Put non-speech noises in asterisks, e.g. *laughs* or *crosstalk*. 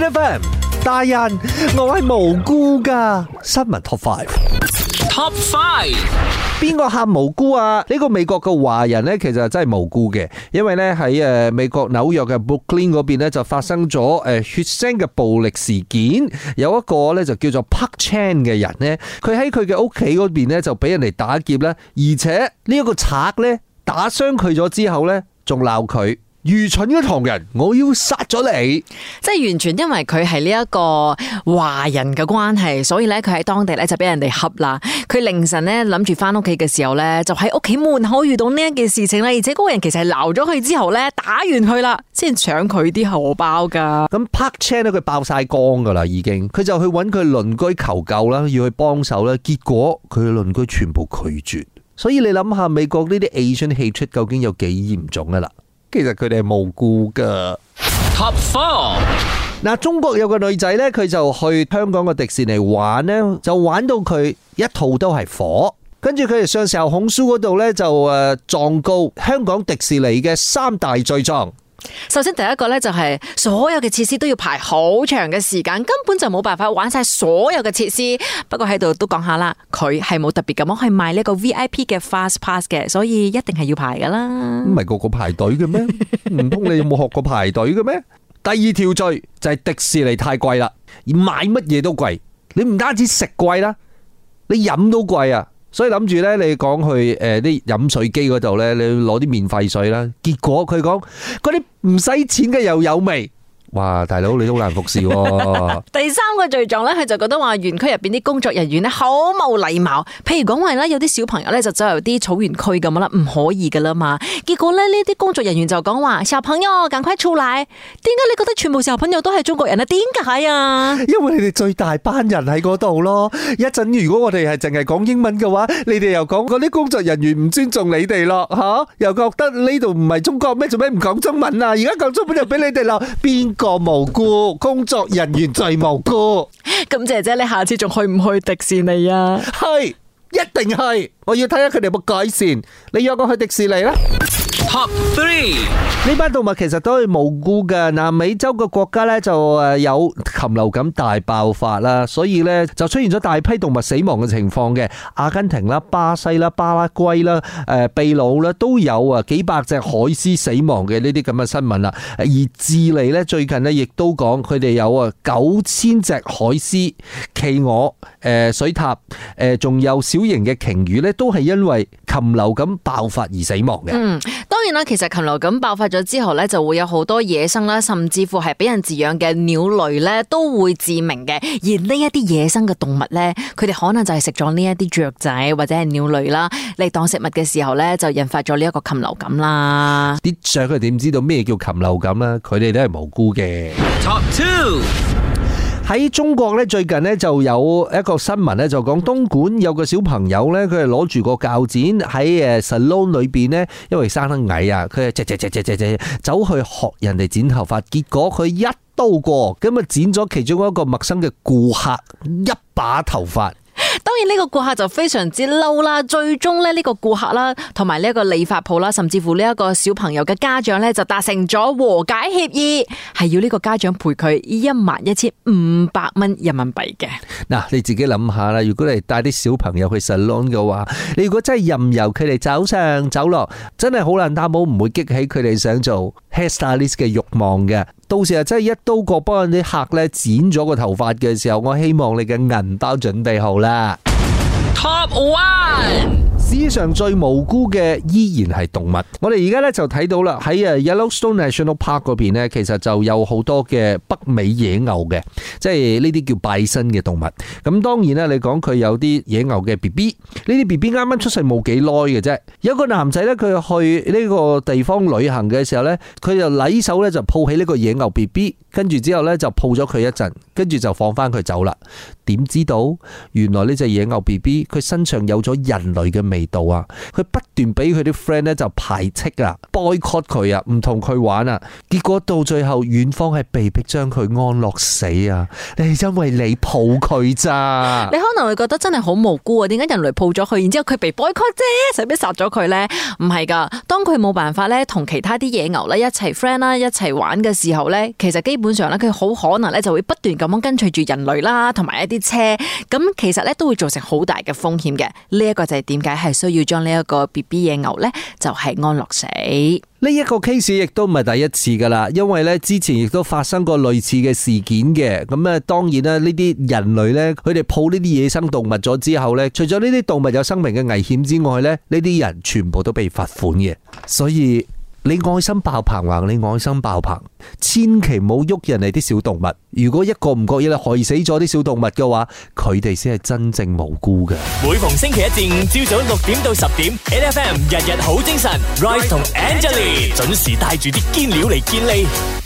*music* 大人，我係無辜噶。新聞 Top Five，Top Five，邊個喊無辜啊？呢個美國嘅華人呢，其實真係無辜嘅，因為呢，喺誒美國紐約嘅 Brooklyn 嗰邊呢，就發生咗誒血腥嘅暴力事件。有一個呢，就叫做 Park Chan 嘅人呢，佢喺佢嘅屋企嗰邊呢，就俾人哋打劫啦，而且呢個賊呢打傷佢咗之後呢，仲鬧佢。愚蠢嘅唐人，我要殺咗你！即係完全因為佢係呢一個華人嘅關係，所以咧佢喺當地咧就俾人哋恰啦。佢凌晨咧諗住翻屋企嘅時候咧，就喺屋企門口遇到呢一件事情咧，而且嗰個人其實係鬧咗佢之後咧，打完佢啦，先搶佢啲荷包噶。咁拍車咧，佢爆晒光噶啦，已經佢就去揾佢鄰居求救啦，要去幫手啦。結果佢嘅鄰居全部拒絕，所以你諗下美國呢啲 Asian 戲出究竟有幾嚴重噶啦？其實佢哋係無辜噶。Top four，嗱，中國有個女仔呢，佢就去香港嘅迪士尼玩呢，就玩到佢一套都係火，跟住佢哋上時候控訴嗰度呢就誒狀告香港迪士尼嘅三大罪狀。首先第一個呢，就係所有嘅設施都要排好長嘅時間，根本就冇辦法玩晒所有嘅設施。不過喺度都講下啦，佢係冇特別咁樣去賣呢個 V I P 嘅 Fast Pass 嘅，所以一定係要排噶啦。唔係個個排隊嘅咩？唔通 *laughs* 你有冇學過排隊嘅咩？第二條罪就係迪士尼太貴啦，而買乜嘢都貴，你唔單止食貴啦，你飲都貴啊。所以諗住咧，你講去誒啲飲水機嗰度咧，你攞啲免費水啦。結果佢講嗰啲唔使錢嘅又有味。哇，大佬你都好難服侍喎，啊！ *laughs* 第三個罪狀咧，佢就覺得話園區入邊啲工作人員咧好冇禮貌，譬如講話咧有啲小朋友咧就走入啲草原區咁啦，唔可以噶啦嘛。結果咧呢啲工作人員就講話，小朋友，趕快出嚟！點解你覺得全部小朋友都係中國人啊？點解啊？因為你哋最大班人喺嗰度咯。一陣如果我哋係淨係講英文嘅話，你哋又講嗰啲工作人員唔尊重你哋咯，吓？又覺得呢度唔係中國咩？做咩唔講中文啊？而家講中文就俾你哋咯，變。個無辜工作人員最無辜。咁姐姐，你下次仲去唔去迪士尼啊？係，一定係。我要睇下佢哋有冇改善。你約我去迪士尼啦。 *laughs* Top three，呢班動物其實都係無辜噶南美洲嘅國家呢就誒有禽流感大爆發啦，所以呢就出現咗大批動物死亡嘅情況嘅。阿根廷啦、巴西啦、巴拉圭啦、誒秘魯啦都有啊幾百隻海獅死亡嘅呢啲咁嘅新聞啦。而智利呢，最近呢亦都講佢哋有啊九千隻海獅、企鵝、誒水獺，誒仲有小型嘅鯨魚呢，都係因為。禽流感爆發而死亡嘅。嗯，當然啦，其實禽流感爆發咗之後咧，就會有好多野生啦，甚至乎係俾人飼養嘅鳥類咧，都會致命嘅。而呢一啲野生嘅動物咧，佢哋可能就係食咗呢一啲雀仔或者係鳥類啦，嚟當食物嘅時候咧，就引發咗呢一個禽流感啦。啲雀佢點知道咩叫禽流感咧？佢哋都係無辜嘅。Top two 喺中國咧，最近咧就有一個新聞咧，就講東莞有個小朋友咧，佢係攞住個鉸剪，喺誒沙龍裏邊咧，因為生得矮啊，佢係隻隻隻隻隻隻走去學人哋剪頭髮，結果佢一刀過，咁啊剪咗其中一個陌生嘅顧客一把頭髮。當然呢個顧客就非常之嬲啦，最終咧，呢個顧客啦，同埋呢一個理髮鋪啦，甚至乎呢一個小朋友嘅家長咧，就達成咗和解協議，係要呢個家長賠佢一萬一千五百蚊人民幣嘅。嗱，你自己諗下啦，如果你帶啲小朋友去 salon 嘅話，你如果真係任由佢哋走上走落，真係好難擔保唔會激起佢哋想做。hairstylist 嘅欲望嘅，到時啊真係一刀過幫啲客呢剪咗個頭髮嘅時候，我希望你嘅銀包準備好啦。Top one。史上最無辜嘅依然係動物。我哋而家咧就睇到啦，喺啊 Yellowstone National Park 邊咧，其實就有好多嘅北美野牛嘅，即係呢啲叫拜新嘅動物。咁當然啦，你講佢有啲野牛嘅 B B 呢啲 B B 啱啱出世冇幾耐嘅啫。有個男仔咧，佢去呢個地方旅行嘅時候咧，佢就禮手咧就抱起呢個野牛 B B，跟住之後咧就抱咗佢一陣，跟住就放翻佢走啦。點知道，原來呢隻野牛 B B 佢身上有咗人類嘅味。味啊！佢不斷俾佢啲 friend 咧就排斥啦，boycott 佢啊，唔同佢玩啦。結果到最後，園方係被迫將佢安樂死啊！你係因為你抱佢咋？你可能會覺得真係好無辜啊！點解人類抱咗佢，然之後佢被 boycott 啫？使乜殺咗佢呢？唔係噶，當佢冇辦法咧，同其他啲野牛咧一齊 friend 啦，一齊玩嘅時候呢，其實基本上咧佢好可能咧就會不斷咁樣跟隨住人類啦，同埋一啲車咁，其實咧都會造成好大嘅風險嘅。呢、這、一個就係點解係。需要將呢一個 BB 野牛呢就係安樂死。呢一個 case 亦都唔係第一次㗎喇，因為呢之前亦都發生過類似嘅事件嘅。咁啊，當然啦，呢啲人類呢，佢哋抱呢啲野生動物咗之後呢，除咗呢啲動物有生命嘅危險之外呢，呢啲人全部都被罰款嘅。所以。你愛心爆棚還你愛心爆棚，千祈唔好喐人哋啲小動物。如果一個唔覺意咧害死咗啲小動物嘅話，佢哋先係真正無辜嘅。每逢星期一至五朝早六點到十點，NFM 日日好精神，Rice 同 Angelie 準時帶住啲堅料嚟堅利。